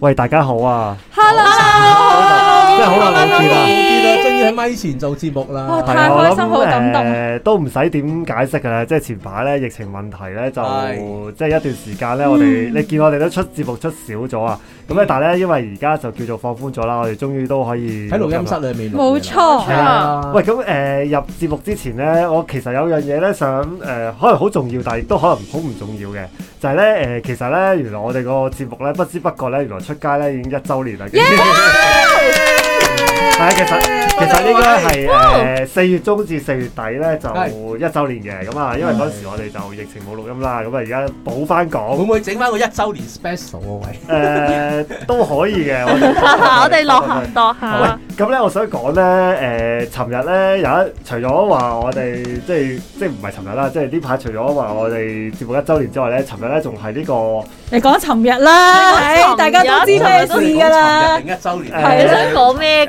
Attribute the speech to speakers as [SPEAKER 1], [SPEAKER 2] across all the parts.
[SPEAKER 1] 喂，大家好啊
[SPEAKER 2] ！Hello，真係好耐冇見啦。
[SPEAKER 1] 咪麥前做節目啦，哇！太開心，好感動。都唔使點解釋噶啦，即係前排咧疫情問題咧就即係一段時間咧我哋你見我哋都出節目出少咗啊，咁咧但係咧因為而家就叫做放寬咗啦，我哋終於都可以喺
[SPEAKER 2] 錄音室裏面。冇錯，係啊。喂，
[SPEAKER 1] 咁誒入節目之前咧，我其實有樣嘢咧想誒，可能好重要，但係亦都可能好唔重要嘅，就係咧誒，其實咧原來我哋個節目咧不知不覺咧原來出街咧已經一周年啦。
[SPEAKER 2] 係啊，其實其實應該係誒
[SPEAKER 1] 四月中至四月底咧就一周年嘅，咁啊，因為嗰時我哋就疫情冇錄音啦，咁啊而家補翻講，會唔會整翻個一周年 special 啊？位誒都可以嘅，我哋我哋落行多下。咁咧，我想講咧，誒，尋日咧有一除咗話我哋即係即係唔係尋日啦，即係呢排除咗話我哋節目一周年之外咧，尋日咧仲係呢個你講
[SPEAKER 2] 尋日啦，大家都知咩事噶啦，尋日整一周
[SPEAKER 1] 年，係啊，講
[SPEAKER 2] 咩？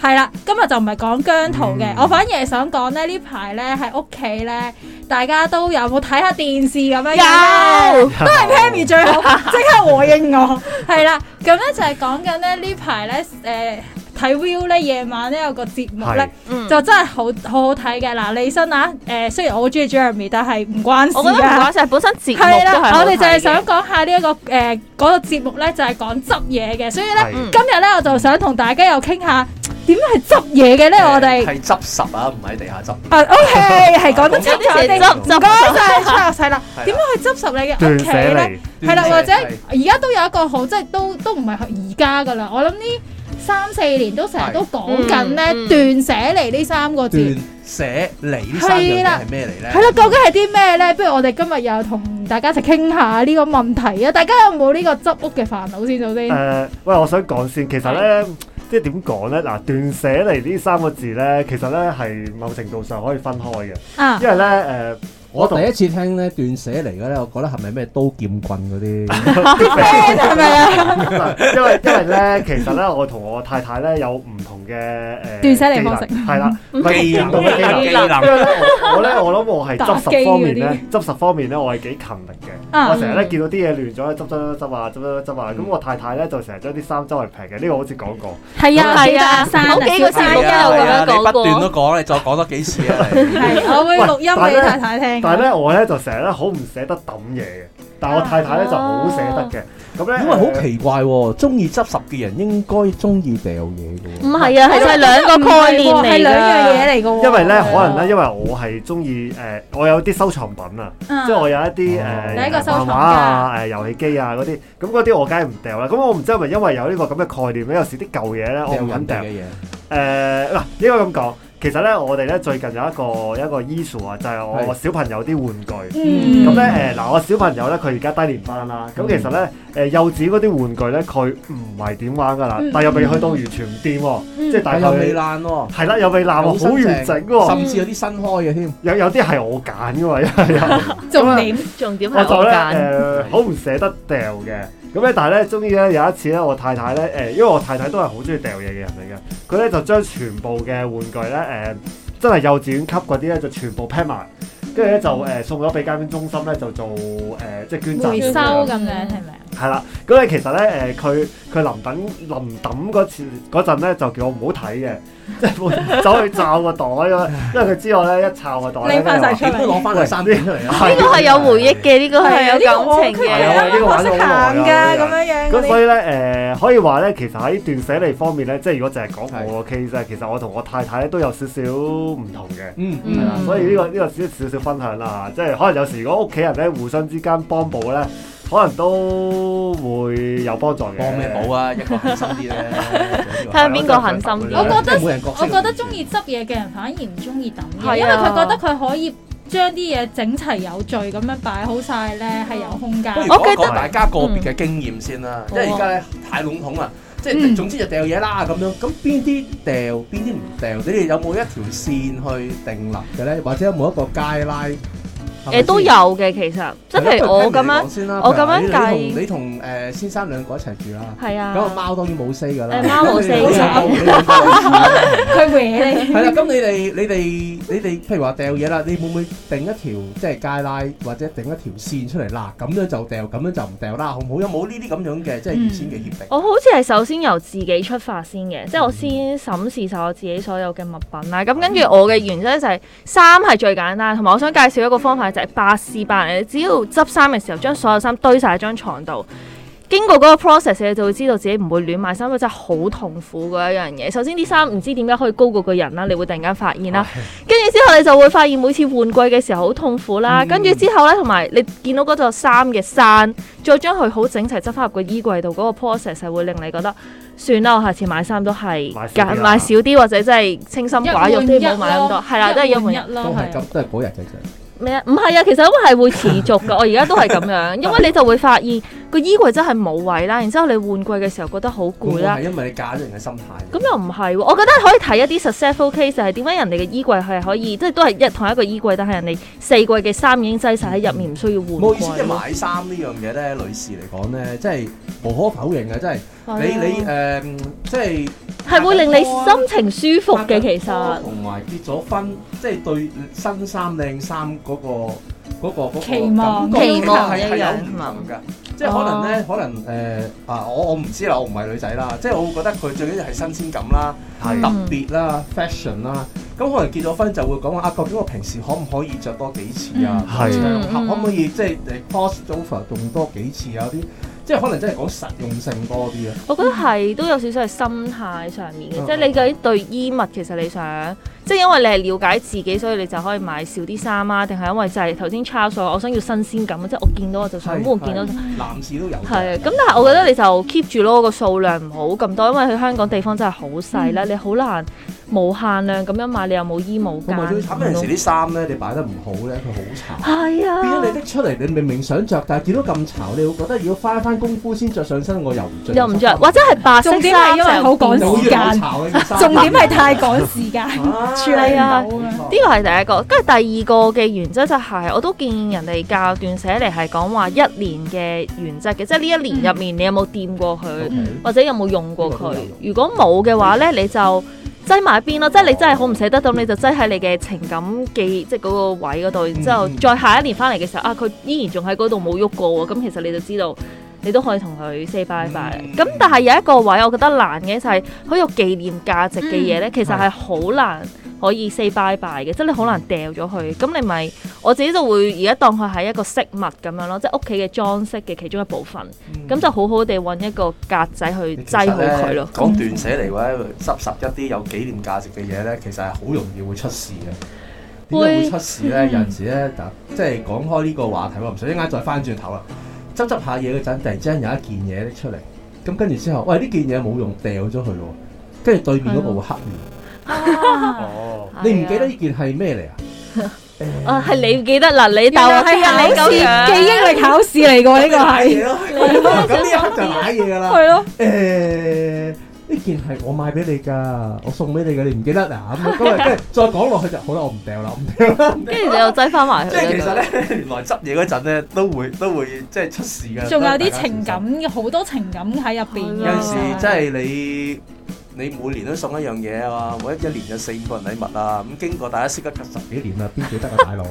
[SPEAKER 2] 係啦，今日就唔係講姜濤嘅，嗯、我反而係想講咧呢排咧喺屋企咧，大家都有冇睇下電視咁樣樣咧？有都係 Pammy 最好，即 刻和應我。係啦，咁咧就係講緊咧呢排咧誒睇 Viu 咧夜晚咧有個節目咧，嗯、就真係好，好好好睇嘅。嗱，李生啊，誒雖然我好中意 Jeremy，但係唔關事我覺得唔話晒本身節目了都係好睇。我哋就係想講下、這個呃那個、呢一個誒嗰個節目咧，就係講執嘢嘅。所以咧、嗯、今日咧，我就想同大家又傾下。
[SPEAKER 3] 點樣去執嘢嘅咧？我哋係執拾
[SPEAKER 2] 啊，唔係喺地下執。啊，OK，係講得差啲，我哋執拾。唔該曬，係啦。點樣去執拾你嘅屋企咧？係啦，或者而家都有一個好，即係都都唔係而家噶啦。我諗呢三四年都成日都講緊咧，斷捨離呢三個字。斷
[SPEAKER 3] 捨離呢三個字係咩嚟咧？
[SPEAKER 2] 係啦，究竟係啲咩咧？不如我哋今日又同大家一齊傾下呢個問題啊！大家有冇呢個執屋嘅煩惱先？首先，誒，
[SPEAKER 1] 喂，我想講先，其實咧。即係點講咧？嗱，斷捨離呢三個字咧，其實咧係某程度上可以分開嘅，因為咧誒。呃
[SPEAKER 3] 我第一次聽咧斷捨離嘅咧，我覺得係咪咩刀劍棍嗰啲？
[SPEAKER 1] 係咪啊？因為因為咧，其實咧，我同我太太咧有唔同嘅誒，斷捨離方式係啦，技能技能。我咧我諗我係執拾方面咧，執拾方面咧，我係幾勤力嘅。我成日咧見到啲嘢亂咗，執執執執啊，執執執啊。咁我太太咧就成日將啲衫周圍劈嘅。呢個好似講過。係啊係啊，好幾個字，一路咁樣講。你不斷都
[SPEAKER 3] 講，你再講多幾次啊！我
[SPEAKER 1] 會錄音俾太太聽。但係咧，我咧就成日咧好唔捨得抌嘢嘅。但係我太太咧就好捨得嘅。咁咧，因為好奇
[SPEAKER 3] 怪喎，中意執拾嘅人應該中意掉嘢嘅。唔
[SPEAKER 1] 係啊，其實係兩個概念嚟，係兩樣嘢嚟嘅。因為咧，可能咧，
[SPEAKER 3] 因為我係中
[SPEAKER 1] 意誒，我有啲收藏品啊，即係我有一啲誒畫畫啊，誒遊戲機啊嗰啲。咁嗰啲我梗係唔掉啦。咁我唔知係咪因為有呢個咁嘅概念咧？有時啲舊嘢咧，我唔揾掉嘅嘢。誒嗱，應該咁講。其實咧，我哋咧最近有一個一個 issue 啊，就係、是、我小朋友啲玩具。咁咧誒嗱，我小朋友咧佢而家低年班啦。咁其實咧誒、呃、幼稚嗰啲玩具咧，佢唔係點玩噶啦。嗯、但又未去到完全唔掂喎，嗯、即係大塊未爛
[SPEAKER 3] 喎、喔。係啦，又未爛喎，好完整喎，甚至有啲
[SPEAKER 1] 新開嘅添。有有啲係我揀噶嘛，因 為 重
[SPEAKER 3] 點重點係我揀、 嗯。我做咧誒
[SPEAKER 1] 好唔捨得掉嘅。咁咧，但係咧，終於咧有一次咧，我太太咧，誒、呃，因為我太太都係好中意掉嘢嘅人嚟嘅，佢咧就將全部嘅玩具咧，誒、呃，真係幼稚園級啲咧，就全部 pack 埋，跟住咧就誒送咗俾街邊中心咧，就做誒、呃、即係捐贈回收咁樣，係咪啊？係啦，咁咧其實咧，誒，佢佢臨等臨抌嗰次嗰陣咧，就叫我唔好睇嘅，即係走去罩個袋咁，因為佢知我咧一抄個袋，你拍晒出嚟，點都攞翻嚟啲出嚟，呢個係有回憶嘅，
[SPEAKER 4] 呢個係有感情嘅，有啲內涵嘅。咁樣樣。咁所以
[SPEAKER 1] 咧，誒，可以話咧，其實喺斷捨離方面咧，即係如果淨係講我嘅 case，其實我同我太太咧都有少少唔同嘅，嗯，係啦，所以呢個呢個少少少分享啦，即係可能有時如果屋企人咧互相之間幫補咧。可能都會有幫助嘅。幫咩補啊？ 一個狠心啲咧，睇下邊個狠
[SPEAKER 2] 心啲。我覺得我覺得中意執嘢嘅人反而唔中意抌嘅。 因為佢覺得佢可以將啲嘢整齊有序咁樣擺好晒。咧、啊，係有空間。我講下大
[SPEAKER 3] 家個別嘅經驗先啦。嗯、因為而家咧太籠統啊，即係、嗯、總之就掉嘢啦咁樣。咁邊啲掉，邊啲唔掉？你哋有冇一條線去定立嘅咧？或者有冇一個界 line？誒都有
[SPEAKER 4] 嘅，其實即係譬如我咁樣，我咁樣計，你
[SPEAKER 3] 同誒先生兩個一齊住啦，係啊，咁個貓當然冇聲㗎啦，貓冇聲。佢唔應你？
[SPEAKER 2] 係啦，咁你
[SPEAKER 3] 哋你哋你哋，譬如話掉嘢啦，你會唔會定一條即係街拉，或者定一條線出嚟啦？咁樣就掉，咁樣就唔掉啦，好唔好？有冇呢啲咁樣嘅即係預先嘅協定？我
[SPEAKER 4] 好似係首先由自己出發先嘅，即係我先審視晒我自己所有嘅物品啦。咁跟住我嘅原則就係三係最簡單，同埋我想介紹一個方法。就係巴斯班，你只要執衫嘅時候，將所有衫堆晒喺張床度，經過嗰個 process，你就會知道自己唔會亂買衫。真係好痛苦嘅一樣嘢。首先啲衫唔知點解可以高過個人啦，你會突然間發現啦。跟住唉之後，你就會發現每次換季嘅時候好痛苦啦。跟住、嗯、之後咧，同埋你見到嗰座衫嘅山，再將佢好整齊執翻入個衣櫃、那個、度，嗰個 process 係會令你覺得算啦，我下次買衫都係買少啲，或者真係清心寡欲啲，唔好換買咁多。係啦，都係一換
[SPEAKER 3] 一啦，啦都係日
[SPEAKER 4] 咩啊？唔係啊，其實因為係會持續㗎，我而家都係咁樣，因為你就會發現個衣櫃真係冇位啦。然之後你換季嘅時候覺得好攰啦。唔係因
[SPEAKER 3] 為你揀人嘅心態。咁又唔係
[SPEAKER 4] 喎？我覺得可以睇一啲 successful case，係點解人哋嘅衣櫃係可以，即係都係一同一個衣櫃，但係人哋四季嘅衫已經擠晒喺入面，唔需要換。冇意思，買衫
[SPEAKER 3] 呢樣嘢咧，女士嚟講咧，即係無可否認嘅、呃，即係你你誒，即係係會令你心
[SPEAKER 4] 情舒服嘅。其實
[SPEAKER 3] 同埋結咗婚，即係對新衫靚衫。嗰個嗰個嗰個期望係係有唔同噶，即係可能咧，可能誒啊！我我唔知啦，我唔係女仔啦，即係我會覺得佢最緊要係新鮮感啦，特別啦，fashion 啦，咁可能結咗婚就會講話啊，究竟我平時可唔可以著多幾次啊？場合可唔可以即係 cross over 用多幾次啊？有啲即係可能真係講實用性多啲啊！我
[SPEAKER 4] 覺得係都有少少係心態上面嘅，即係你究竟對衣物其實你想。即係因為你係了解自己，所以你就可以買少啲衫啊，定係因為就係頭先差數，我想要新鮮感啊，即係我見到我就想，我見到我就，男士都有，係啊，咁但係我覺得你就 keep 住咯，個數量唔好咁多，因為喺香港地方真係好細啦，嗯、你好難。無限量咁樣買，你又冇衣帽。咁啊！有陣時啲
[SPEAKER 3] 衫咧，你擺得唔好咧，佢好殘。係啊！
[SPEAKER 4] 變咗你拎
[SPEAKER 3] 出嚟，你明明想着，但係見到咁殘，你會覺得要花一翻功夫先着上身，我又唔着。又唔着，或者係白色衫因為好趕時間。重點係太趕時
[SPEAKER 4] 間，處理唔好。呢個係第一個，跟住第二個嘅原則就係，我都建議人哋教段寫嚟係講話一年嘅原則嘅，即係呢一年入面你有冇掂過佢，或者有冇用過佢？如果冇嘅話咧，你就。擠埋一邊咯，即係你真係好唔捨得到，咁你就擠喺你嘅情感記，即係嗰個位嗰度。然之後再下一年翻嚟嘅時候，啊，佢依然仲喺嗰度冇喐過喎。咁其實你就知道，你都可以同佢 say bye bye。咁、嗯、但係有一個位，我覺得難嘅就係，好有紀念價值嘅嘢咧，嗯、其實係好難。可以 say 拜拜嘅，即係你好難掉咗佢，咁你咪我自己就會而家當佢係一個飾物咁樣咯，即係屋企嘅裝飾嘅其中一部分，咁、嗯、就好好地揾一個格仔去擠好佢咯。講斷捨
[SPEAKER 3] 離咧，執 拾一啲有紀念價值嘅嘢咧，其實係好容易會出事嘅。點解會出事咧？會有陣時咧，即係講開呢個話題，我唔想一陣間再翻轉頭啦。執執下嘢嗰陣，突然之間有一件嘢拎出嚟，咁跟住之後，喂呢件嘢冇用，掉咗佢，跟住對面嗰個會黑面。 你唔記得呢件係咩嚟啊？
[SPEAKER 4] 啊，係你記得嗱，你豆係啊，你狗樣記憶力考試嚟嘅喎，呢個係。咁呢一刻就瀨嘢噶啦。係咯。
[SPEAKER 3] 誒，呢件係我買俾你噶，我送俾你嘅，你唔記得啊？咁啊，跟住再講落去就好啦，我唔掉啦，我唔
[SPEAKER 4] 掉。跟住你又擠翻埋去。
[SPEAKER 3] 即係其實咧，原來執嘢嗰陣咧，都會都會即係出事嘅。仲有啲情
[SPEAKER 2] 感好多情感喺入邊。有陣時，即係
[SPEAKER 3] 你。你每年都送一樣嘢啊嘛，一一年有四個人禮物啊，咁經過大家識得十幾年啊，邊件得啊大佬？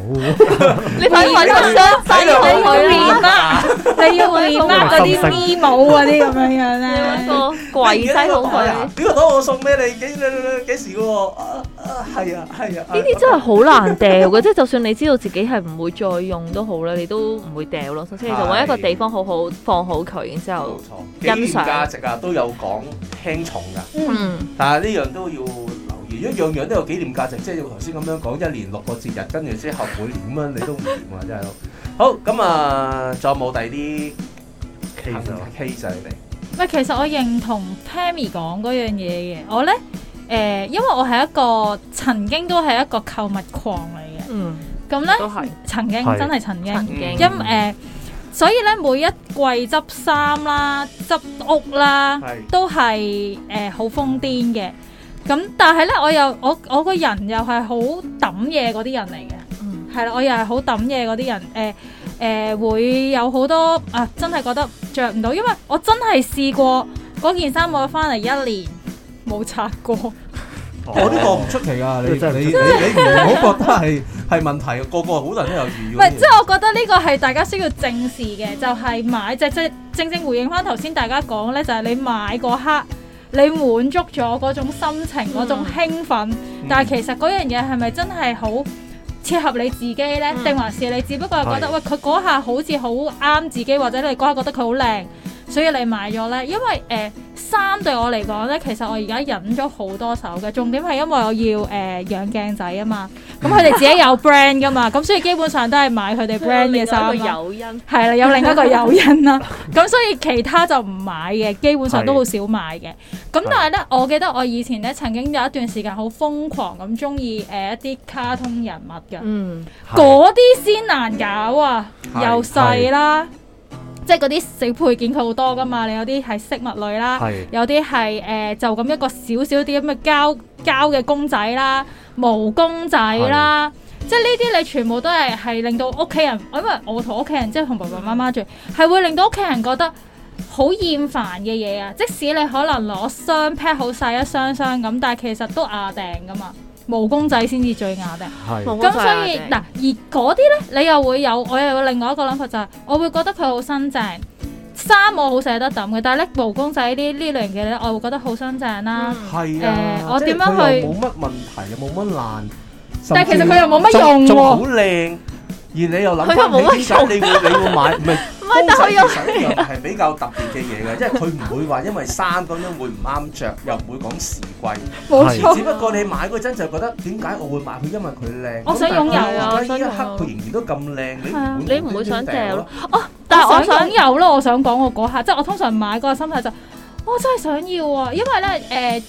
[SPEAKER 3] 你買個箱仔好開面啊，又要麵包嗰啲咪帽
[SPEAKER 2] 嗰啲咁樣樣咧，攰曬好
[SPEAKER 4] 佢。
[SPEAKER 3] 邊個攞我送俾你？幾幾幾時喎？啊啊，係啊係啊！呢啲真係
[SPEAKER 4] 好難掉嘅，即係就算你知道自己係唔會再用都好咧，你都唔會掉咯。首先同揾一個地方好好放好佢，然之後欣賞。冇
[SPEAKER 3] 錯，紀念價值啊都有講輕重㗎。嗯，但係呢樣都要留意，如果樣樣都有紀念價值，即係要頭先咁樣講，一年六個節日跟住之後，每年乜你都唔掂啊！真係，好咁啊，仲有冇第二啲 K 仔 K 仔嚟？
[SPEAKER 2] 喂，其實我認同 Pammy 講嗰樣嘢嘅，我咧誒，因為我係一個曾經都係一個購物狂嚟嘅，嗯，咁咧曾經真係曾經，因誒。所以咧，每一季執衫啦、執屋啦，都係誒好瘋癲嘅。咁但係咧，我又我我個人又係好抌嘢嗰啲人嚟嘅，係啦、嗯，我又係好抌嘢嗰啲人。誒、呃、誒、呃，會有好多啊，真係覺得着唔到，因為我真係試過嗰件衫我返嚟一年冇拆過。
[SPEAKER 3] 我呢個唔出奇㗎，你真，你你唔好覺得係係問題，個個好多人都有異議。即係我
[SPEAKER 2] 覺得呢個係大家需要正視嘅，就係、是、買即即、就是、正正回應返頭先大家講咧，就係、是、你買嗰刻，你滿足咗嗰種心情、嗰種興奮，嗯、但係其實嗰樣嘢係咪真係好切合你自己咧？定、嗯、還是你只不過係覺得是喂，佢嗰下好似好啱自己，或者你嗰下覺得佢好靚？所以你買咗咧，因為誒衫、呃、對我嚟講咧，其實我而家忍咗好多手嘅，重點係因為我要誒、呃、養鏡仔啊嘛。咁佢哋自己有 brand 㗎嘛，咁 所以基本上都係買佢哋 brand 嘅衫，啊。誘因，係 啦，有另一個誘因啦。咁所以其他就唔買嘅，基本上都好少買嘅。咁但係咧，我記得我以前咧曾經有一段時間好瘋狂咁鍾意誒一啲卡通人物嘅。嗯，嗰啲先難搞啊，的又細啦。即係嗰啲小配件佢好多噶嘛，你有啲係飾物類啦，是有啲係誒就咁一個小小啲咁嘅膠膠嘅公仔啦、毛公仔啦，是即係呢啲你全部都係係令到屋企人，因為我同屋企人即係同爸爸媽媽住，係會令到屋企人覺得好厭煩嘅嘢啊！即使你可能攞箱劈好晒一箱箱咁，但係其實都硬掟噶嘛。毛公仔先至最雅嘅，咁是所以嗱，啊、而嗰啲咧，你又會有，我又有另外一個諗法就係、是，我會覺得佢好新淨，衫我好捨得抌嘅，但係咧毛公仔啲呢類型嘅咧，我會覺得好新淨啦。
[SPEAKER 3] 係啊，我點樣去？冇乜問題，又冇乜爛。但係其實佢又冇乜用喎。好靚，而你又諗點解你會你會買？唔係。 公仔公仔就係比較特別嘅嘢嘅，即係佢唔會話因為衫咁樣會唔啱著，又唔會講時季，冇錯，只不過你買嗰陣就覺得點解我會買佢？因為佢靚，我想擁有啊！我想擁有。呢一刻佢仍然都咁靚，你你唔會想掉咯？
[SPEAKER 2] 哦，但係我想有咯，我想講我嗰刻，即係我通常買嗰個心態就，我真係想要啊，因為咧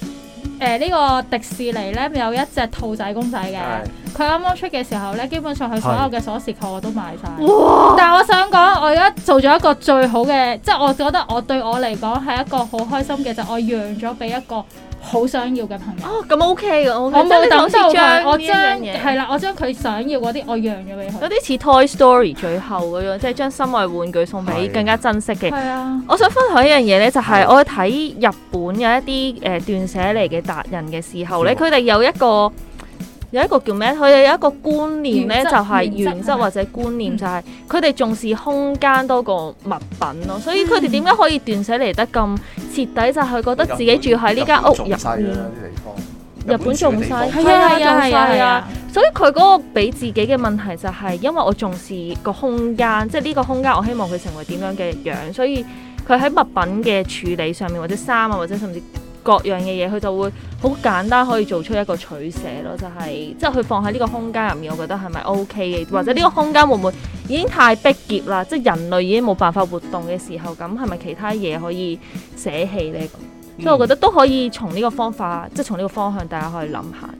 [SPEAKER 2] 誒誒呢個迪士尼咧有一隻兔仔公仔嘅。佢啱啱出嘅時候呢，基本上佢所有嘅鎖匙扣我都買晒。哇但係我想講，我而家做咗一個最好嘅，即係我覺得我對我嚟講係一個好開心嘅，就係、我讓咗俾一個好想要嘅朋友。哦，咁 OK 㗎，OK 我冇等到佢、嗯，將將我將係啦，我將佢想要嗰啲，我讓
[SPEAKER 4] 咗俾佢。有啲似 Toy Story 最後嗰樣，即係將心愛玩具送俾更加珍惜嘅。係啊的！的我想分享一樣嘢呢，就係、是、我睇日本有一啲誒、呃、斷捨離嘅達人嘅時候呢，佢哋有一個。有一個叫咩？佢有一個觀念呢，就係原則或者觀念、嗯、就係佢哋重視空間多過物品咯。嗯、所以佢哋點解可以斷捨離得咁徹底？就係、佢、覺得自己住喺呢間屋入面，日本仲細，係啊係啊係啊！啊啊啊啊啊啊，所以佢嗰個俾自己嘅問題就係，因為我重視空、就是、個空間，即係呢個空間我希望佢成為點樣嘅樣，所以佢喺物品嘅處理上面，或者衫啊，或者甚至。各樣嘅嘢，佢就會好簡單可以做出一個取捨咯，就係、是、即係佢放喺呢個空間入面，我覺得係咪 OK 嘅？或者呢個空間會唔會已經太逼仄啦？即係人類已經冇辦法活動嘅時候，咁係咪其他嘢可以捨棄呢？嗯、所以我覺得都可以從呢個方法，嗯、即係從呢個方向，大家可以諗下。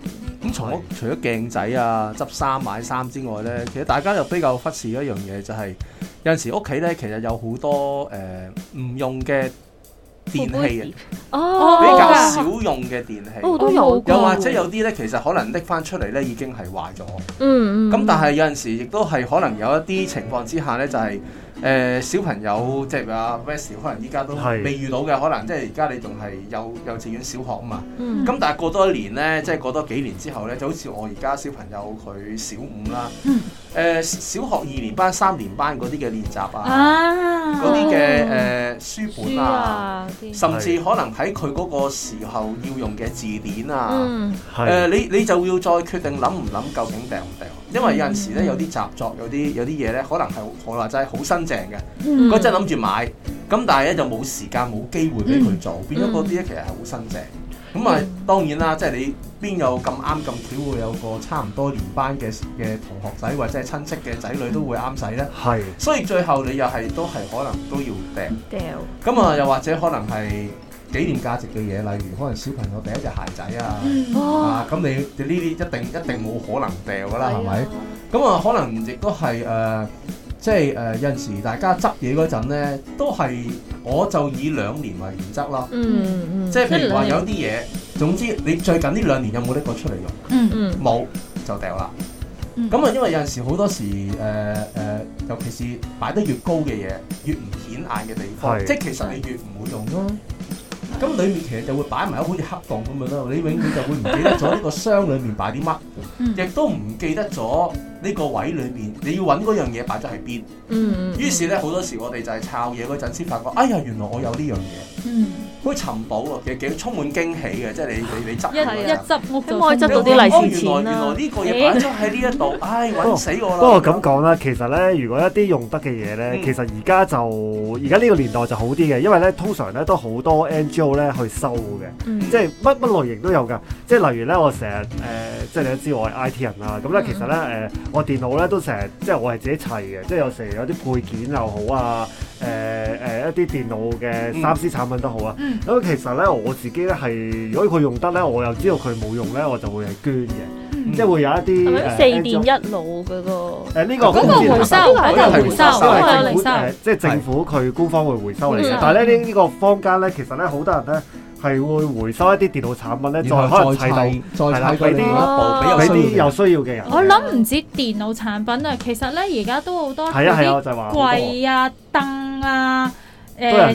[SPEAKER 3] 咁除咗除咗鏡仔啊、執衫買衫之外呢，其實大家又比較忽視一樣嘢，就係、是、有陣時屋企呢，其實有好多誒唔、呃、用嘅。
[SPEAKER 4] 電器啊，哦、比較少
[SPEAKER 3] 用嘅電器，都、哦、有。又或者有啲咧，其實可能拎翻出嚟咧，已經係壞咗、嗯。嗯咁但係有陣時，亦都係可能有一啲情況之下咧，就係、是。誒、呃、小朋友即係阿 West，可能依家都未遇到嘅，可能即係而家你仲係幼幼稚園、小學啊嘛。咁、嗯、但係過多一年咧，即、就、係、是、過多幾年之後咧，就好似我而家小朋友佢小五啦。誒、嗯呃、小學二年班、三年班嗰啲嘅練習啊，
[SPEAKER 4] 嗰啲嘅誒
[SPEAKER 3] 書本啊，啊甚至是可能喺佢嗰個時候要用嘅字典啊。誒、嗯是呃、你你就要再決定諗唔諗究竟訂唔訂？因為有陣時咧，有啲習作，有啲有啲嘢咧，可能係我話齋好新淨嘅，嗰陣諗住買，咁但係咧就冇時間冇機會俾佢做，變咗嗰啲咧其實係好新淨。咁啊當然啦，即係你邊有咁啱咁巧，巧會有個差唔多年班嘅嘅同學仔或者係親戚嘅仔女都會啱使咧。係的，所以最後你又係都係可能都要掉。掉丟。咁啊，又或者可能係。紀念價值嘅嘢，例如可能小朋友第一隻鞋仔啊，啊咁你呢啲一定一定冇可能掉噶啦，係咪？咁啊，可能亦都係誒，即係誒有陣時大家執嘢嗰陣咧，都係我就以兩年為原則啦。即係譬如話有啲嘢，總之你最近呢兩年有冇拎過出嚟用？冇就掉啦。咁啊，因為有陣時好多時誒誒，尤其是擺得越高嘅嘢，越唔顯眼嘅地方，即係其實你越唔會用啦。咁裏面其實就會擺埋一好似黑洞咁樣啦。你永遠就會唔記得咗呢個箱裏面擺啲乜，亦都唔記得咗。呢個位裏邊，你要揾嗰樣嘢擺咗喺邊。嗯，於是咧好多時我哋就係抄嘢嗰陣先發覺，哎呀，原來我有呢樣嘢。嗯，好尋寶啊，其實幾幾充滿驚喜嘅，即係你你你執一一執,執，到啲利是錢原來呢個嘢擺咗喺呢一度， 唉揾死我啦！Oh, 不過
[SPEAKER 1] 咁講啦，其實咧，如果一啲用得嘅嘢咧，嗯、其實而家就而家呢個年代就好啲嘅，因為咧通常咧都好多 NGO 咧去收嘅，嗯、即係乜乜類型都有噶。即係例如咧，我成日誒，即係你都知我係 IT 人啦。咁咧其實咧誒。呃我電腦咧都成日，即係我係自己砌嘅，即係有時有啲配件又好啊，誒誒一啲電腦嘅三 C 產品都好啊。咁其實咧，我自己咧係如果佢用得咧，我又知道佢冇用咧，我就會係捐嘅，即係會有一啲
[SPEAKER 4] 四電一腦嗰個。誒呢個嗰個回收，嗰個回收啊，
[SPEAKER 1] 即係政府佢官方會回收嚟嘅。但係咧呢呢個坊間咧，其實咧好多人咧。係會回收一啲電腦產品咧，再可以再到係啦，俾啲有需要嘅人。我
[SPEAKER 2] 諗唔止電腦產品啊，其實咧而家都好多嗰啲櫃啊、凳啊。誒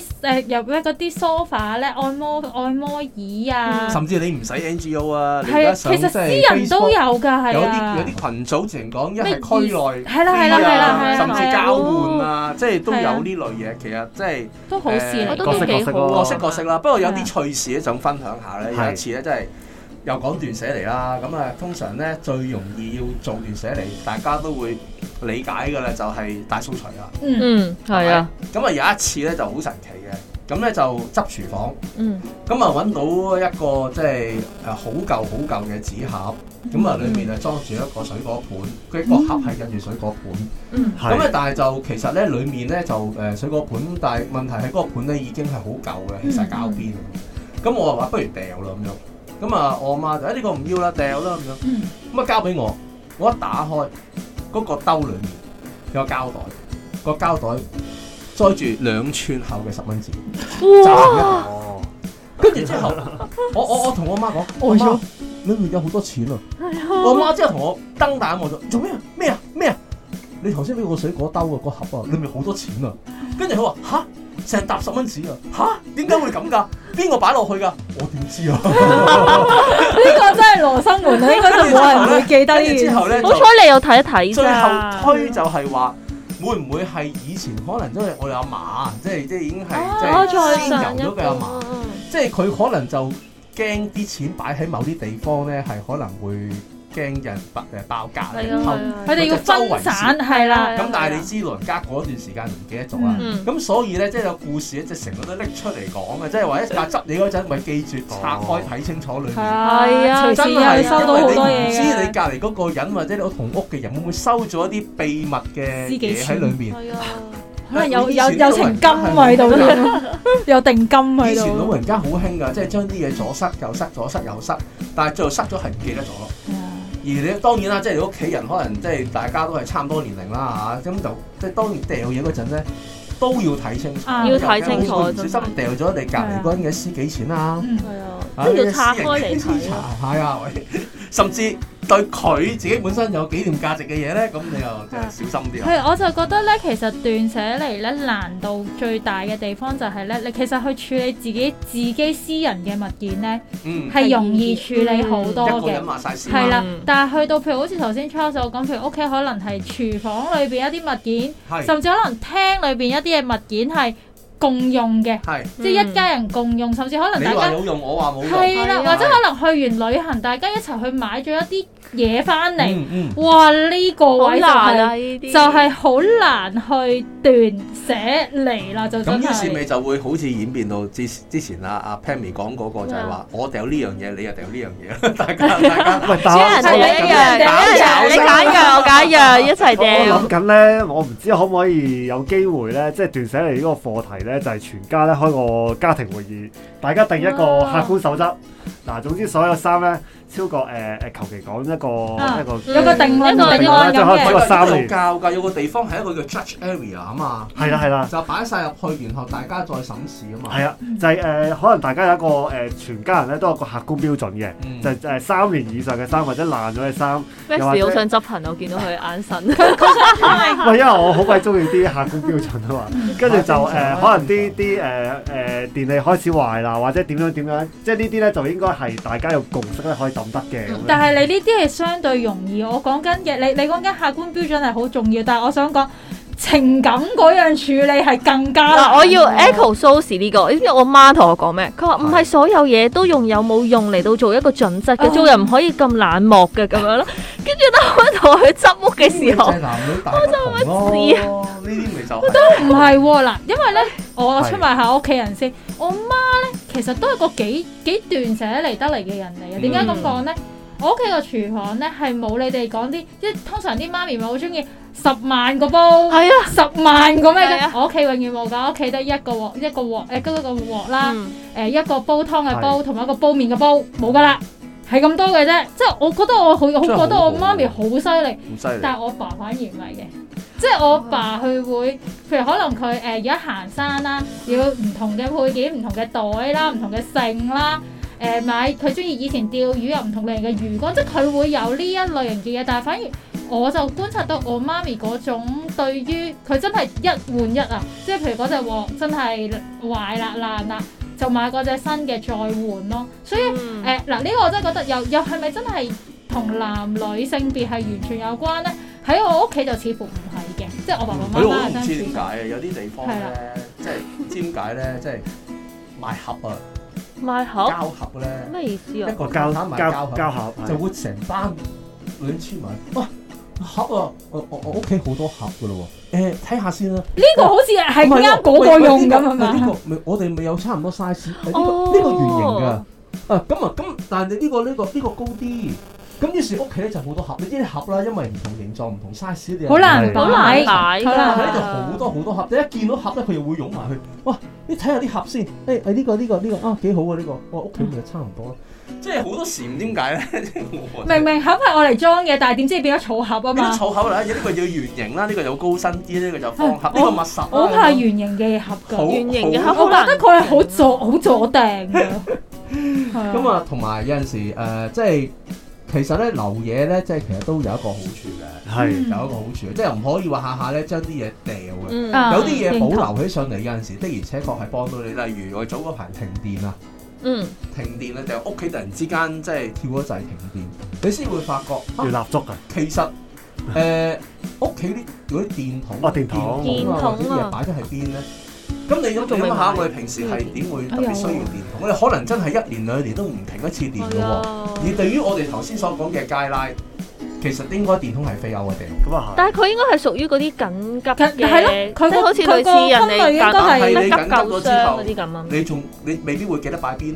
[SPEAKER 2] 洗誒入咧嗰啲 sofa 咧，按摩按摩椅啊，甚至你
[SPEAKER 3] 唔使 NGO 啊，你而家上即係 Facebook
[SPEAKER 2] 有啲有
[SPEAKER 3] 啲羣組，成講一係區內係啊，甚至交換啊，即係都有呢類嘢。其實即係都好事，角色角色啦。不過有啲趣事想分享下咧。有一次咧，即係。又講斷捨離啦，咁啊通常咧最容易要做斷捨離，大家都會理解嘅啦，就係大掃除啦。嗯，
[SPEAKER 4] 係啊。
[SPEAKER 3] 咁啊有一次咧就好神奇嘅，咁咧就執廚房。嗯。咁啊揾到一個即係誒好舊好舊嘅紙盒，咁啊裏面啊裝住一個水果盤，佢個盒係印住水果盤。嗯。咁咧但係就其實咧裡面咧就誒水果盤，但係問題係嗰個盤咧已經係好舊嘅，其實係膠邊。咁我話話不如掉啦咁樣。咁啊，我阿媽就話呢個唔要啦，掉啦咁樣。咁啊，交俾我，我一打開嗰個兜裏面有個膠袋，個膠袋載住兩寸厚嘅十蚊紙，一盒哇！跟住之後我，我我我同我媽講， 我媽，裏面 有好多錢啊！ 我媽即刻同我瞪大眼望住，做咩啊？咩啊？咩啊？你頭先俾個水果兜啊，個盒啊，裏面好多錢啊！跟住佢話吓？成搭十蚊錢啊！嚇，點解會咁噶？邊個擺落去噶？我點知啊？呢個真係羅生門啊！應該就冇人會記得呢。呢之後咧，後好彩你有睇一睇。最後推就係話，會唔會係以前可能都係我哋阿嫲？即係即係已經係、就是啊、即係先由咗佢阿嫲。即係佢可能就驚啲錢擺喺某啲地方咧，係可能會。驚人爆誒爆格咧，佢哋要分散係啦。咁但係你知老人家嗰段時間唔記得咗啊。咁所以咧，即係有故事咧，即係成日都拎出嚟講嘅，即係話一集執你嗰陣，咪記住拆開睇清楚裏面。係啊，真係，因為你唔知你隔離嗰個人或者你個同屋嘅人會唔會收咗一啲秘密嘅嘢喺裏面。係啊，可
[SPEAKER 2] 能有有有存金喺度，
[SPEAKER 3] 有定金喺度。以前老人家好興㗎，即係將啲嘢左塞右塞，左塞右塞，但係最後塞咗係唔記得咗咯。而你當然啦，即係你屋企人可能即係大家都係差唔多年齡啦嚇，咁、啊、就即係當掉嘢嗰陣咧，都要睇清楚，啊、要睇清楚，小心、啊、掉咗你隔離嗰人嘅私己錢啊
[SPEAKER 2] 嗯！嗯，嗯嗯啊，都要拆開嚟查
[SPEAKER 3] 下呀，喂。 甚至對佢自己本身有紀念價值嘅嘢呢？咁你又即係小心
[SPEAKER 2] 啲。我就覺得呢，其實斷捨離呢難度最大嘅地方就係呢，你其實去處理自己自己私人嘅物件呢，係、嗯、容易處理好多嘅、嗯。一啦。係啦，但係去到譬如好似頭先 Charles 講譬如屋企可能係廚房裏邊一啲物件，的甚至可能廳裏邊一啲嘅物件係，共用嘅，是即係一家人共用，嗯、甚至可能大家你話有用，
[SPEAKER 3] 我話冇用，係啦的，的或者可
[SPEAKER 2] 能去完旅行，大家一齊去買咗一啲。嘢翻嚟，哇呢個好難呀，呢啲就係好難去斷捨離啦。就咁於是你
[SPEAKER 3] 就會好似演變到之之前啊阿 Pammy 講嗰個就係話，我掉呢樣嘢，你又掉呢樣嘢，大家大家打打一樣，你揀一樣，我揀一樣，一齊掉。我諗
[SPEAKER 1] 緊咧，我唔知可唔可以有機會咧，即係斷捨離呢個課題咧，就係全家咧開個家庭會議，大家定一個客觀守則。嗱，總之所有衫咧。超過誒誒，求其講一個一個有個定一個定義咧，就開翻個衫。教㗎有個地方係一個叫
[SPEAKER 3] Judge Area 啊嘛。係啦係啦，就擺晒入去，然後大家再審視啊嘛。係啊，
[SPEAKER 1] 就係誒，可能大家有一個誒，全家人咧都有個客觀標準嘅，就就係三年以上嘅衫或者爛咗嘅衫。有 i 好想
[SPEAKER 4] 執勤，我見到佢
[SPEAKER 1] 眼神。唔因為我好鬼中意啲客觀標準啊嘛，跟住就誒，可能啲啲誒誒電器開始壞啦，或者點樣點樣，即係呢啲咧就應該係大家有共識咧，得嘅，嗯、但係
[SPEAKER 2] 你呢啲係相對容易。我講緊嘅，你你講緊客觀標準係好重要，但係我想講。情感嗰樣處理係更加嗱， 我要 echo
[SPEAKER 4] source 呢個。你知我媽同我講咩？佢話唔係所有嘢都用有冇用嚟到做一個準則嘅，做人唔可以咁冷漠嘅咁樣咯。跟住都我同佢執屋嘅時候，字啊、
[SPEAKER 3] 我就乜事啊？呢啲咪就是、 我都
[SPEAKER 2] 唔係嗱，因為咧， 我出賣下屋企人先。我媽咧，其實都係個幾幾斷捨離得嚟嘅人嚟嘅。點解咁講咧？嗯、我屋企個廚房咧係冇你哋講啲，即係通常啲媽咪咪好中意。十萬個煲，係啊，十萬個咩、啊、我屋企永遠冇噶，我屋企得一個鑊，一個鑊誒，嗰個鑊啦，誒、嗯、一個煲湯嘅煲，同埋是一個煲麵嘅煲，冇噶啦，係咁多嘅啫。即係我覺得我好、啊，我覺得我媽咪好犀利，啊、但係我爸反而唔係嘅。即係我爸佢會，譬如可能佢誒，而家行山啦，要唔同嘅配件、唔同嘅袋啦、唔、嗯、同嘅性啦，誒買佢中意以前釣魚又唔同類型嘅魚竿，即係佢會有呢一類型嘅嘢，但係反，反，反，反而。我就觀察到我媽咪嗰種對於佢真係一換一啊，即係譬如嗰隻鑊真係壞啦爛啦，就買嗰隻新嘅再換咯。所以誒嗱，呢個我真係覺得又又係咪真係同男女性別係完全有關咧？喺我屋企就似乎唔係嘅，即係我爸爸媽媽。我唔知點解
[SPEAKER 3] 啊，有啲地方咧，即係點解咧，即係買盒啊，
[SPEAKER 2] 買
[SPEAKER 4] 盒交盒咧，咩意思啊？一個
[SPEAKER 3] 交交交盒就會成班兩千蚊。盒啊！我我我屋企好多盒噶咯喎。誒，睇下先啦。呢個好似係啱嗰個用咁係嘛？呢個咪我哋咪有差唔多 size。哦。呢個圓形噶。啊，咁啊，咁但係你呢個呢個呢個高啲。咁於是屋企咧就好多盒。你知啲盒啦，因為唔同形狀、唔同 size 嘅。好難，好難睇啊！喺度好多好多盒，你一見到盒咧，佢又會湧埋去。哇！你睇下啲盒先。誒，係呢個呢個呢個啊，幾好啊呢個。我屋企咪差唔多。即係好多時唔點解咧？明
[SPEAKER 2] 明盒係我嚟裝嘢，但係點知變咗草盒啊？變咗草盒咧，呢
[SPEAKER 3] 個要圓形啦，呢個要高身啲，呢個就
[SPEAKER 2] 方盒，呢個密實。我怕圓形嘅盒，圓形嘅盒好難，覺得佢係好阻，好阻埞。
[SPEAKER 3] 咁啊，同埋有陣時誒，即係其實咧留嘢咧，即係其實都有一個好處嘅，係有一個好處，即係唔可以話下下咧將啲嘢掉嘅。有啲嘢保留起上嚟，有陣時的而且確係幫到你。例如我早嗰排停電啊。嗯，停電咧定係屋企突然之間即係跳咗掣停電，你先會發覺要、啊、蠟燭㗎、啊。其實誒屋企啲嗰啲電筒、電、 哦、電筒啲嘢擺咗喺邊咧？咁你諗下，我哋平時係點會特別需要電筒？啊啊、我哋可能真係一年兩年都唔停一次電嘅喎。啊啊、而對於我哋頭先所講嘅街拉。其實應該電通係非歐嘅地，咁啊。但係
[SPEAKER 4] 佢應該係屬於嗰啲緊急嘅，即係好似類似人哋，應但係你急救箱之類嗰啲咁啊。你
[SPEAKER 3] 仲你未必會記得擺邊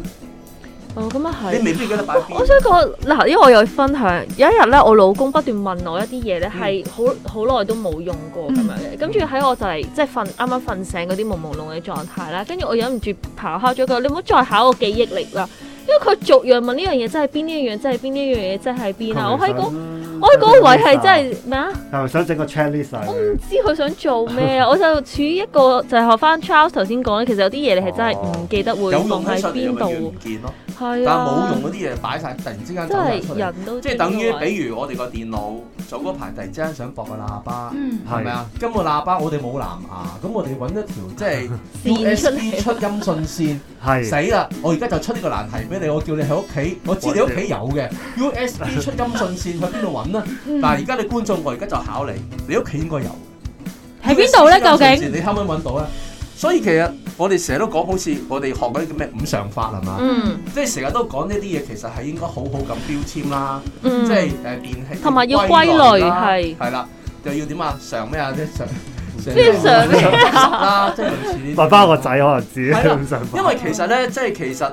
[SPEAKER 4] 哦。咁啊係，你未必記得擺、啊、我，我想講嗱，因為我又分享有一日咧，我老公不斷問我一啲嘢咧，係好好耐都冇用過咁樣嘅。嗯、跟住喺我就嚟即係瞓啱啱瞓醒嗰啲朦朦朧嘅狀態啦。跟住我忍唔住咆哮咗句：你唔好再考我記憶力啦！因為佢逐樣問呢樣嘢，真係邊呢一樣，真係邊呢一樣嘢，真係邊啊！有有我喺嗰。嗯我喺嗰位係真係咩啊？
[SPEAKER 1] 係想整個 checklist 我唔
[SPEAKER 4] 知佢想做咩啊！我， 我就處於一個就係、係、學翻 Charles 頭先講咧，其實有啲嘢你係真係唔記得會放喺邊度。
[SPEAKER 3] 但係冇用嗰啲嘢擺晒，突然之間走埋出嚟，即係等於，比如我哋個電腦早嗰排突然之間想駁個喇叭，係咪啊？咁個喇叭我哋冇藍牙，咁我哋揾一條即係 USB 出音訊線，係死啦！我而家就出呢個難題俾你，我叫你喺屋企，我知你屋企有嘅 USB 出音訊線，去邊度揾呢？嗱，而家你觀眾，我而家就考你，你屋企應該有
[SPEAKER 2] 喺邊度呢？究竟你
[SPEAKER 3] 啱啱可揾到呢？所以其實我哋成日都講，好似我哋學嗰啲叫咩五常法係嘛？即係成日都講呢啲嘢，其實係應該好好咁標籤啦，即係誒辨識同埋要歸類係係啦，又要點啊常咩啊即係常，咩係啦，即
[SPEAKER 2] 係
[SPEAKER 3] 似爸爸個仔
[SPEAKER 1] 可能知五常法，因為其
[SPEAKER 3] 實咧即係其實誒誒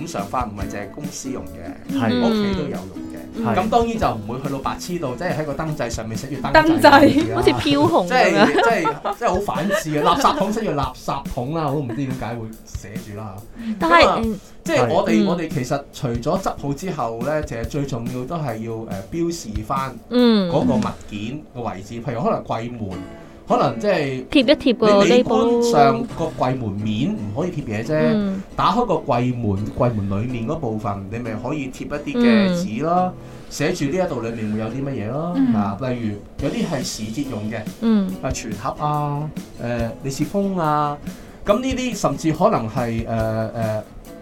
[SPEAKER 3] 五常法唔係淨係公司用嘅，係屋企都有用。咁當然就唔會去到白痴度，即係喺個燈掣上面寫住燈掣，好似飄紅，即係即係即係好反智嘅，垃圾桶寫住「垃圾桶」啦，我都唔知點解會寫住啦。但係，
[SPEAKER 4] 即係我哋我
[SPEAKER 3] 哋其實除咗執好之後咧，其實最重要都係要誒標示翻嗰個物件嘅位置，譬如可能櫃門。可能即、就、係、是、
[SPEAKER 4] 貼一貼嘅，你你搬上
[SPEAKER 3] 個櫃門面唔可以貼嘢啫。嗯、打開個櫃門，櫃門裡面嗰部分你咪可以貼一啲嘅紙咯，嗯、寫住呢一度裡面會有啲乜嘢咯。嗱、嗯啊，例如有啲係時節用嘅，啊全盒啊，誒利是封啊，咁呢啲甚至可能係誒誒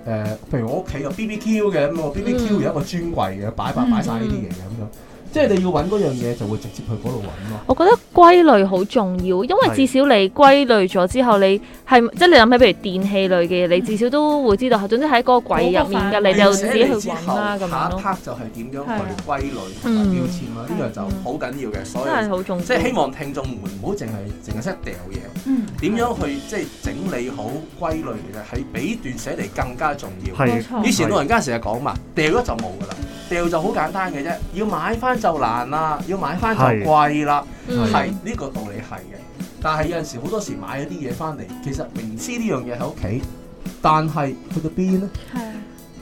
[SPEAKER 3] 誒，譬如我屋企有 B B Q 嘅咁，我、那個、B B Q 有一個專櫃嘅，嗯、擺一擺擺晒呢啲嘢咁樣。即係你要揾嗰樣嘢，就會直接去嗰度揾咯。我
[SPEAKER 4] 覺得歸類好重要，因為至少你歸類咗之後，你係的即係你諗起，譬如電器類嘅嘢，你至少都會知道。總之喺嗰個櫃入面㗎，嗯、你就自己去揀啦咁樣，下
[SPEAKER 3] 一 part 就係點樣去歸類標籤啦，呢樣、嗯、就好緊要嘅。所以真係好重要。即係希望聽眾唔好淨係淨係識掉嘢，點、嗯、樣去即係整理好歸類其實係比段寫嚟更加重要。的的以前老人家成日講嘛，掉咗就冇㗎啦，掉就好簡單嘅啫，要買翻。就難啦，要買翻就貴啦，係呢個道理係嘅。但係有陣時好多時買咗啲嘢翻嚟，其實明知呢樣嘢喺屋企，但係去到邊咧？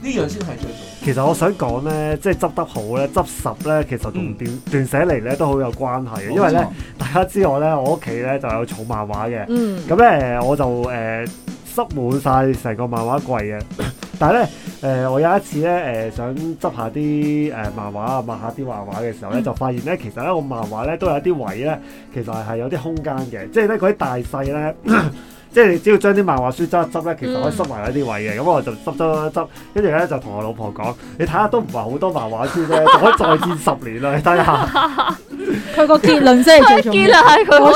[SPEAKER 3] 呢是樣先係最重要。其實我
[SPEAKER 1] 想講咧，即係執得好咧，執拾咧，其實同、嗯、斷捨離咧都好有關係嘅。因為咧，嗯、大家知我咧，我屋企咧就有儲漫畫嘅。嗯，咁咧我就誒、呃、塞滿晒成個漫畫櫃嘅。但係咧，誒、呃，我有一次咧，誒、呃，想執下啲誒、呃、漫畫啊，一下一畫下啲漫畫嘅時候咧，就發現咧，其實咧，我漫畫咧都有一啲位咧，其實係有啲空間嘅，即係咧，佢啲大細咧。 即係你只要將啲漫畫書執一執咧，其實可以塞埋嗰啲位嘅。咁、嗯、我就執執執，呢跟住咧就同我老婆講：你睇下都唔係好多漫畫書啫， 可以再戰十年啦！你睇下。
[SPEAKER 2] 佢個 結論即係咩？ 結論係佢 可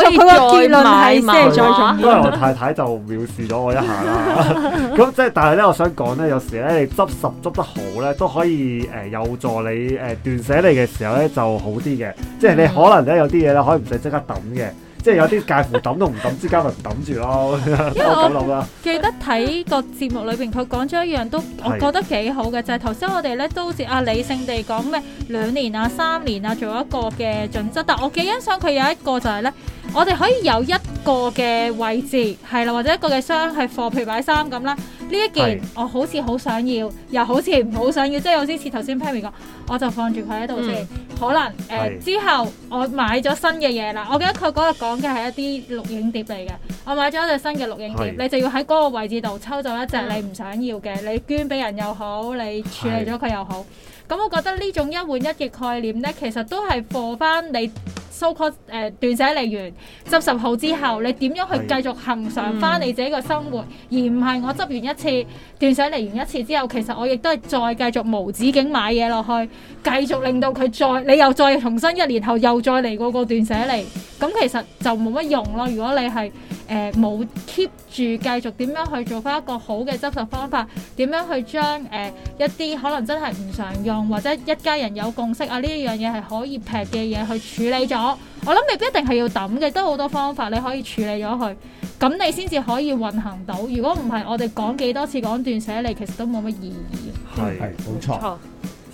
[SPEAKER 2] 以再買。因為我太
[SPEAKER 1] 太就藐視咗我一下啦。咁 即係，但係咧，我想講咧，有時咧，你執拾執得好咧，都可以誒有助你誒斷捨離嘅時候咧就好啲嘅。嗯、即係你可能咧有啲嘢咧可以唔使即刻抌嘅。即係有啲介乎抌都唔抌 之間，咪唔抌住咯。因為我
[SPEAKER 2] 記得睇個節目裏邊，佢講咗一樣都我覺得幾好嘅，是就係頭先我哋咧都好似啊理性地講咩兩年啊三年啊做一個嘅準則，但我幾欣賞佢有一個就係咧，我哋可以有一個嘅位置係啦，或者一個嘅箱係譬如擺衫咁啦。呢一件是我好似好想要，又好似唔好想要，即係有啲似頭先 Perry 講，我就放住佢喺度先。嗯、可能誒、呃、是之後我買咗新嘅嘢啦，我記得佢嗰日講嘅係一啲錄影碟嚟嘅，我買咗一隻新嘅錄影碟，是你就要喺嗰個位置度抽走一隻你唔想要嘅，嗯、你捐俾人又好，你處理咗佢又好。咁是我覺得呢種一換一嘅概念呢，其實都係貨翻你。So 誒斷捨離完執拾好之後，你點樣去繼續恆常翻你自己嘅生活，mm. 而唔係我執完一次斷捨離完一次之後，其實我亦都係再繼續無止境買嘢落去，繼續令到佢再你又再重新一年後又再嚟過個斷捨離，咁其實就冇乜用咯。如果你係誒冇 keep 住繼續點樣去做翻一個好嘅執拾方法，點樣去將誒、呃、一啲可能真係唔常用或者一家人有共識啊呢一樣嘢係可以劈嘅嘢去處理咗。哦、我我諗未必一定係要抌嘅，都好多方法你可以處理咗佢，咁你先至可以運行到。如果唔係，我哋講幾多次講斷捨離，你其實都冇乜意義。
[SPEAKER 3] 係係冇錯，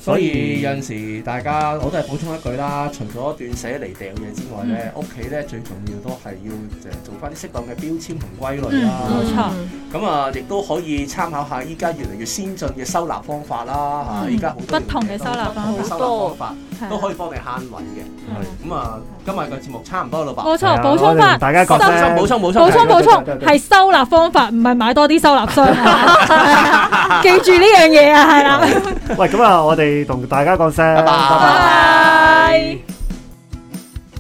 [SPEAKER 3] 所以，所以有陣時大家我都係補充一句啦，除咗斷捨離掉嘢之外咧，屋企咧最重要都係要誒做翻啲適當嘅標籤同歸類啦。冇錯、嗯，咁啊亦都可以參考下依家越嚟越先進嘅收納方法啦。吓，而家好多不同嘅收納方法。很多 都可以幫你慳位嘅，咁啊，今日嘅節目差唔多啦，老闆。冇錯，補充翻，大家講聲，補充補充補充補充，係
[SPEAKER 2] 收納方法，唔係
[SPEAKER 1] 買多啲收納
[SPEAKER 2] 箱。記住呢樣嘢啊，係啦。
[SPEAKER 1] 喂，咁啊，我哋同大家講聲，拜
[SPEAKER 2] 拜。